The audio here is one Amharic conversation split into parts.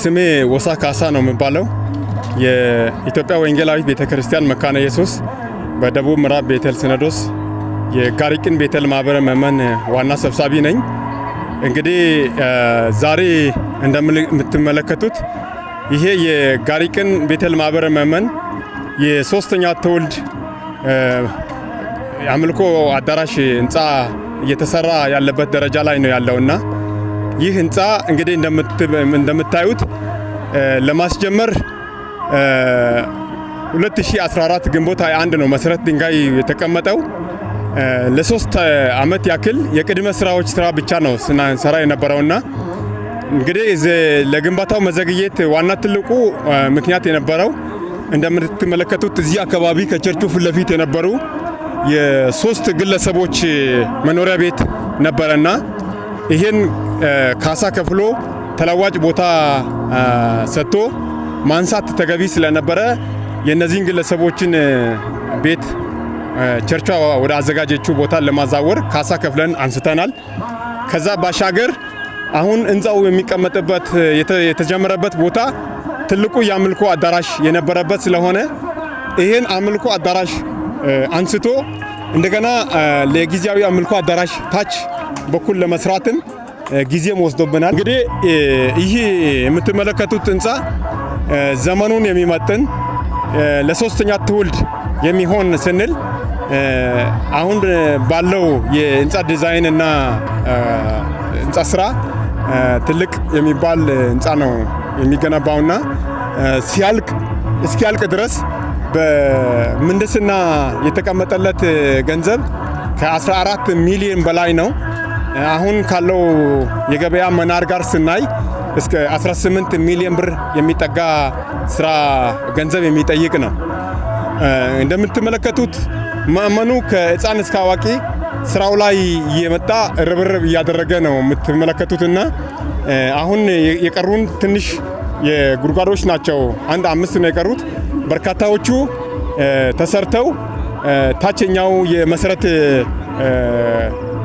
ስሜ ወሳ ካሳ ነው የሚባለው። የኢትዮጵያ ወንጌላዊት ቤተክርስቲያን መካነ ኢየሱስ በደቡብ ምዕራብ ቤተል ሲኖዶስ የጋሪቅን ቤተል ማህበረ መመን ዋና ሰብሳቢ ነኝ። እንግዲህ ዛሬ እንደምትመለከቱት ይሄ የጋሪቅን ቤተል ማህበረ መመን የሶስተኛ ትውልድ አምልኮ አዳራሽ ህንፃ እየተሰራ ያለበት ደረጃ ላይ ነው ያለውና ይህ ህንፃ እንግዲህ እንደምታዩት ለማስጀመር 2014 ግንቦት 21 ነው መሰረት ድንጋይ የተቀመጠው። ለሶስት አመት ያክል የቅድመ ስራዎች ስራ ብቻ ነው ስናሰራ የነበረውና እንግዲህ ለግንባታው መዘግየት ዋና ትልቁ ምክንያት የነበረው እንደምትመለከቱት እዚህ አካባቢ ከቸርቹ ፊት ለፊት የነበሩ የሶስት ግለሰቦች መኖሪያ ቤት ነበረና ይሄን ካሳ ከፍሎ ተለዋጭ ቦታ ሰጥቶ ማንሳት ተገቢ ስለነበረ የእነዚህን ግለሰቦችን ቤት ቸርቿ ወደ አዘጋጀችው ቦታ ለማዛወር ካሳ ከፍለን አንስተናል። ከዛ ባሻገር አሁን ህንፃው የሚቀመጥበት የተጀመረበት ቦታ ትልቁ የአምልኮ አዳራሽ የነበረበት ስለሆነ ይህን አምልኮ አዳራሽ አንስቶ እንደገና ለጊዜያዊ አምልኮ አዳራሽ ታች በኩል ለመስራትም ጊዜም ወስዶብናል። እንግዲህ ይህ የምትመለከቱት ህንፃ ዘመኑን የሚመጥን ለሶስተኛ ትውልድ የሚሆን ስንል አሁን ባለው የህንፃ ዲዛይን እና ህንፃ ስራ ትልቅ የሚባል ህንፃ ነው የሚገነባውና ሲያልቅ እስኪያልቅ ድረስ በምንድስና የተቀመጠለት ገንዘብ ከ14 ሚሊዮን በላይ ነው። አሁን ካለው የገበያ መናር ጋር ስናይ እስከ 18 ሚሊዮን ብር የሚጠጋ ስራ ገንዘብ የሚጠይቅ ነው። እንደምትመለከቱት ምዕመኑ ከህፃን እስከ አዋቂ ስራው ላይ እየመጣ ርብርብ እያደረገ ነው የምትመለከቱትና አሁን የቀሩን ትንሽ የጉድጓዶች ናቸው። አንድ አምስት ነው የቀሩት። በርካታዎቹ ተሰርተው ታችኛው የመሰረት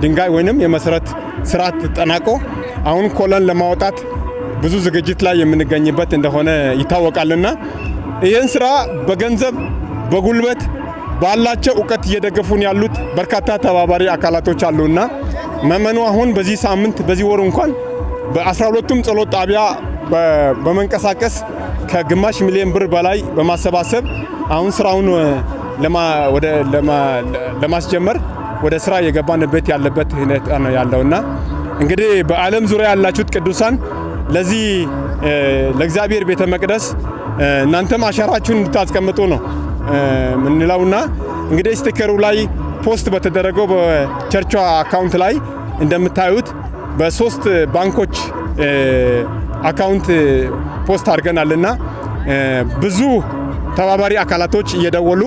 ድንጋይ ወይንም የመሰረት ስርዓት ተጠናቆ አሁን ኮለን ለማውጣት ብዙ ዝግጅት ላይ የምንገኝበት እንደሆነ ይታወቃልና ይህን ስራ በገንዘብ በጉልበት ባላቸው እውቀት እየደገፉን ያሉት በርካታ ተባባሪ አካላቶች አሉና መመኑ አሁን በዚህ ሳምንት በዚህ ወር እንኳን በ12ቱም ጸሎት ጣቢያ በመንቀሳቀስ ከግማሽ ሚሊዮን ብር በላይ በማሰባሰብ አሁን ስራውን ለማስጀመር ወደ ስራ የገባንበት ያለበት ሁኔታ ነው ያለውና እንግዲህ በዓለም ዙሪያ ያላችሁት ቅዱሳን ለዚህ ለእግዚአብሔር ቤተ መቅደስ እናንተም አሻራችሁን እንድታስቀምጡ ነው ምንለውና እንግዲህ ስቲከሩ ላይ ፖስት በተደረገው በቸርቿ አካውንት ላይ እንደምታዩት በሶስት ባንኮች አካውንት ፖስት አድርገናልና ብዙ ተባባሪ አካላቶች እየደወሉ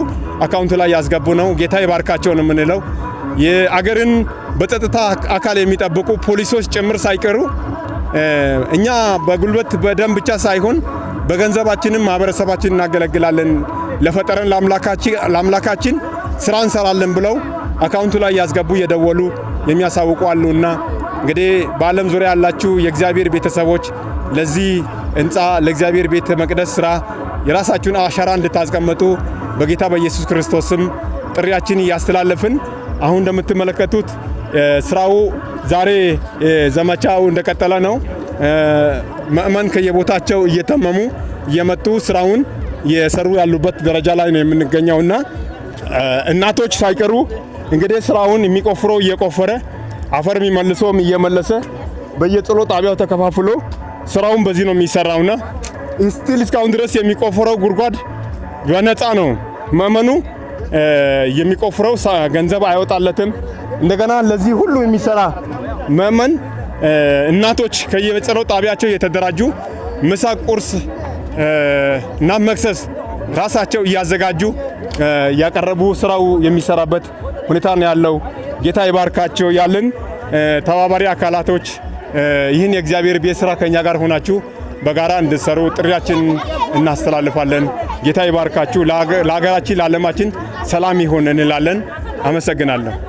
አካውንት ላይ ያስገቡ ነው። ጌታ ይባርካቸው ነው የምንለው። የአገርን በጸጥታ አካል የሚጠብቁ ፖሊሶች ጭምር ሳይቀሩ እኛ በጉልበት በደም ብቻ ሳይሆን በገንዘባችንም ማህበረሰባችን እናገለግላለን፣ ለፈጠረን ለአምላካችን ስራ እንሰራለን ብለው አካውንቱ ላይ ያስገቡ እየደወሉ የሚያሳውቁ አሉና እንግዲህ በዓለም ዙሪያ ያላችሁ የእግዚአብሔር ቤተሰቦች ለዚህ ህንፃ ለእግዚአብሔር ቤተ መቅደስ ስራ የራሳችሁን አሻራ እንድታስቀምጡ በጌታ በኢየሱስ ክርስቶስም ጥሪያችን እያስተላለፍን አሁን እንደምትመለከቱት ስራው ዛሬ ዘመቻው እንደቀጠለ ነው። ምእመን ከየቦታቸው እየተመሙ እየመጡ ስራውን እየሰሩ ያሉበት ደረጃ ላይ ነው እና እናቶች ሳይቀሩ እንግዲህ ስራውን የሚቆፍረው እየቆፈረ አፈር የሚመልሰውም እየመለሰ በየጸሎት ጣቢያው ተከፋፍሎ ስራውን በዚህ ነው የሚሰራውና ስቲል እስካሁን ድረስ የሚቆፈረው ጉድጓድ በነፃ ነው ምእመኑ የሚቆፍረው ገንዘብ አይወጣለትም። እንደገና ለዚህ ሁሉ የሚሰራ መመን እናቶች ከየጸሎት ጣቢያቸው የተደራጁ ምሳ፣ ቁርስ እና መክሰስ ራሳቸው እያዘጋጁ ያቀረቡ ስራው የሚሰራበት ሁኔታ ነው ያለው። ጌታ ይባርካቸው። ያለን ተባባሪ አካላቶች ይህን የእግዚአብሔር ቤት ስራ ከኛ ጋር ሆናችሁ በጋራ እንድትሰሩ ጥሪያችን እናስተላልፋለን። ጌታ ይባርካችሁ። ለሀገራችን ለዓለማችን ሰላም ይሁን እንላለን። አመሰግናለሁ።